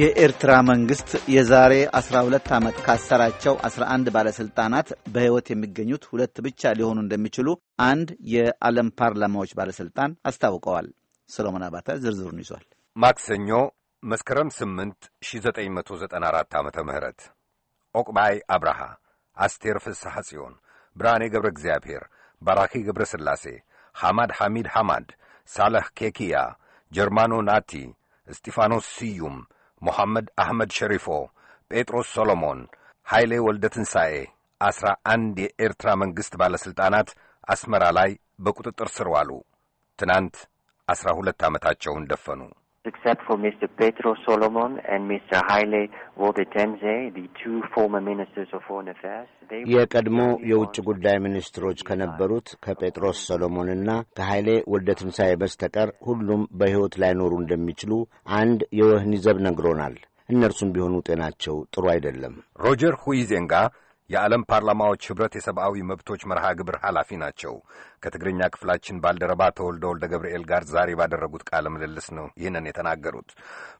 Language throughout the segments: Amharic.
የኤርትራ መንግስት የዛሬ 12 ዓመት ካሰራቸው 11 ባለሥልጣናት በሕይወት የሚገኙት ሁለት ብቻ ሊሆኑ እንደሚችሉ አንድ የዓለም ፓርላማዎች ባለሥልጣን አስታውቀዋል። ሰሎሞን አባተ ዝርዝሩን ይዟል። ማክሰኞ መስከረም 8 1994 ዓ ም ኦቅባይ አብርሃ፣ አስቴር ፍስሐ ጽዮን፣ ብርሃኔ ገብረ እግዚአብሔር፣ ባራኪ ገብረ ሥላሴ፣ ሐማድ ሐሚድ ሐማድ፣ ሳለህ ኬኪያ፣ ጀርማኖ ናቲ፣ እስጢፋኖስ ስዩም ሞሐመድ አህመድ ሸሪፎ፣ ጴጥሮስ ሶሎሞን፣ ኃይሌ ወልደ ትንሣኤ ዐሥራ አንድ የኤርትራ መንግሥት ባለሥልጣናት አስመራ ላይ በቁጥጥር ስር ዋሉ። ትናንት ዐሥራ ሁለት ዓመታቸውን ደፈኑ። except for Mr. Petro Solomon and Mr. Haile Wodetemze, the two former ministers of foreign affairs. የቀድሞ የውጭ ጉዳይ ሚኒስትሮች ከነበሩት ከጴጥሮስ ሰሎሞንና ከኃይሌ ወልደ ትንሣኤ በስተቀር ሁሉም በሕይወት ላይኖሩ እንደሚችሉ አንድ የወህኒ ዘብ ነግሮናል። እነርሱም ቢሆኑ ጤናቸው ጥሩ አይደለም። ሮጀር ሁይዜንጋ የዓለም ፓርላማዎች ኅብረት የሰብአዊ መብቶች መርሃ ግብር ኃላፊ ናቸው። ከትግርኛ ክፍላችን ባልደረባ ተወልደ ወልደ ገብርኤል ጋር ዛሬ ባደረጉት ቃለ ምልልስ ነው ይህንን የተናገሩት።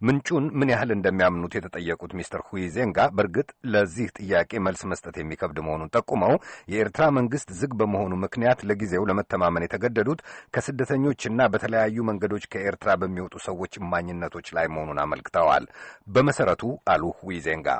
ምንጩን ምን ያህል እንደሚያምኑት የተጠየቁት ሚስተር ዜንጋ በእርግጥ ለዚህ ጥያቄ መልስ መስጠት የሚከብድ መሆኑን ጠቁመው የኤርትራ መንግሥት ዝግ በመሆኑ ምክንያት ለጊዜው ለመተማመን የተገደዱት ከስደተኞችና በተለያዩ መንገዶች ከኤርትራ በሚወጡ ሰዎች እማኝነቶች ላይ መሆኑን አመልክተዋል። በመሠረቱ አሉ ዜንጋ።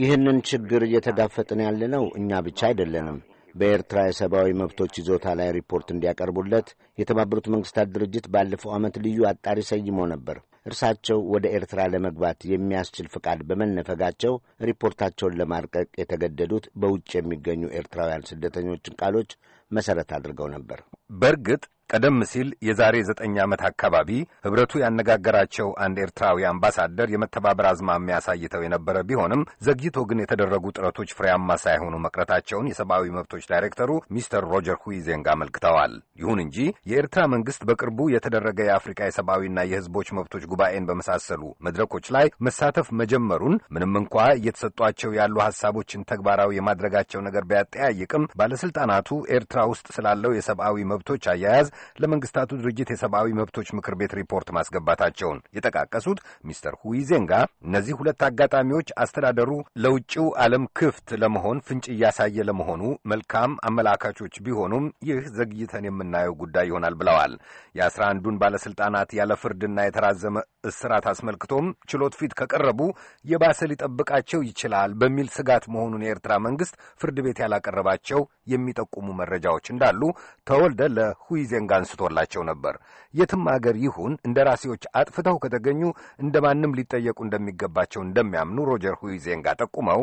ይህንን ችግር እየተጋፈጥን ነው እኛ ብቻ አይደለንም። በኤርትራ የሰብአዊ መብቶች ይዞታ ላይ ሪፖርት እንዲያቀርቡለት የተባበሩት መንግስታት ድርጅት ባለፈው ዓመት ልዩ አጣሪ ሰይሞ ነበር። እርሳቸው ወደ ኤርትራ ለመግባት የሚያስችል ፍቃድ በመነፈጋቸው ሪፖርታቸውን ለማርቀቅ የተገደዱት በውጭ የሚገኙ ኤርትራውያን ስደተኞችን ቃሎች መሠረት አድርገው ነበር። በእርግጥ ቀደም ሲል የዛሬ ዘጠኝ ዓመት አካባቢ ኅብረቱ ያነጋገራቸው አንድ ኤርትራዊ አምባሳደር የመተባበር አዝማሚያ አሳይተው የነበረ ቢሆንም ዘግይቶ ግን የተደረጉ ጥረቶች ፍሬያማ ሳይሆኑ መቅረታቸውን የሰብአዊ መብቶች ዳይሬክተሩ ሚስተር ሮጀር ሁይዜንግ አመልክተዋል። ይሁን እንጂ የኤርትራ መንግሥት በቅርቡ የተደረገ የአፍሪካ የሰብአዊና የሕዝቦች መብቶች ጉባኤን በመሳሰሉ መድረኮች ላይ መሳተፍ መጀመሩን ምንም እንኳ እየተሰጧቸው ያሉ ሐሳቦችን ተግባራዊ የማድረጋቸው ነገር ቢያጠያይቅም ባለሥልጣናቱ ኤርትራ ውስጥ ስላለው የሰብአዊ መብቶች አያያዝ ለመንግስታቱ ድርጅት የሰብአዊ መብቶች ምክር ቤት ሪፖርት ማስገባታቸውን የጠቃቀሱት ሚስተር ሁይዜንጋ እነዚህ ሁለት አጋጣሚዎች አስተዳደሩ ለውጭው ዓለም ክፍት ለመሆን ፍንጭ እያሳየ ለመሆኑ መልካም አመላካቾች ቢሆኑም ይህ ዘግይተን የምናየው ጉዳይ ይሆናል ብለዋል። የአስራ አንዱን ባለሥልጣናት ያለ ፍርድና የተራዘመ እስራት አስመልክቶም ችሎት ፊት ከቀረቡ የባሰ ሊጠብቃቸው ይችላል በሚል ስጋት መሆኑን የኤርትራ መንግስት ፍርድ ቤት ያላቀረባቸው የሚጠቁሙ መረጃዎች እንዳሉ ተወልደ ለሁይዜን ዘንግ አንስቶላቸው ነበር። የትም አገር ይሁን እንደራሴዎች አጥፍተው ከተገኙ እንደ ማንም ሊጠየቁ እንደሚገባቸው እንደሚያምኑ ሮጀር ሁይዜንጋ ጠቁመው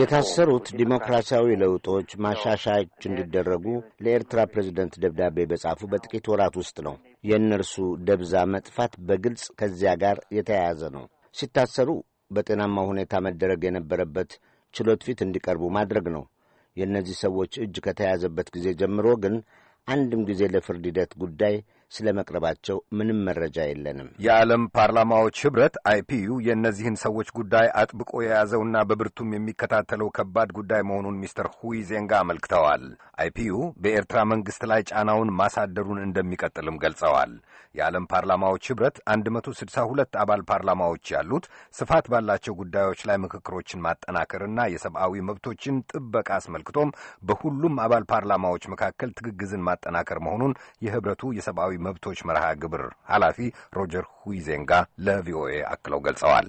የታሰሩት ዲሞክራሲያዊ ለውጦች ማሻሻች እንዲደረጉ ለኤርትራ ፕሬዚደንት ደብዳቤ በጻፉ በጥቂት ወራት ውስጥ ነው። የእነርሱ ደብዛ መጥፋት በግልጽ ከዚያ ጋር የተያያዘ ነው። ሲታሰሩ በጤናማ ሁኔታ መደረግ የነበረበት ችሎት ፊት እንዲቀርቡ ማድረግ ነው። የእነዚህ ሰዎች እጅ ከተያዘበት ጊዜ ጀምሮ ግን አንድም ጊዜ ለፍርድ ሂደት ጉዳይ ስለ መቅረባቸው ምንም መረጃ የለንም። የዓለም ፓርላማዎች ኅብረት አይፒዩ የእነዚህን ሰዎች ጉዳይ አጥብቆ የያዘውና በብርቱም የሚከታተለው ከባድ ጉዳይ መሆኑን ሚስተር ሁይ ዜንጋ አመልክተዋል። አይፒዩ በኤርትራ መንግሥት ላይ ጫናውን ማሳደሩን እንደሚቀጥልም ገልጸዋል። የዓለም ፓርላማዎች ኅብረት 162 አባል ፓርላማዎች ያሉት ስፋት ባላቸው ጉዳዮች ላይ ምክክሮችን ማጠናከርና የሰብአዊ መብቶችን ጥበቃ አስመልክቶም በሁሉም አባል ፓርላማዎች መካከል ትግግዝን ማጠናከር መሆኑን የኅብረቱ የሰብአዊ መብቶች መርሃ ግብር ኃላፊ ሮጀር ሁይዜንጋ ለቪኦኤ አክለው ገልጸዋል።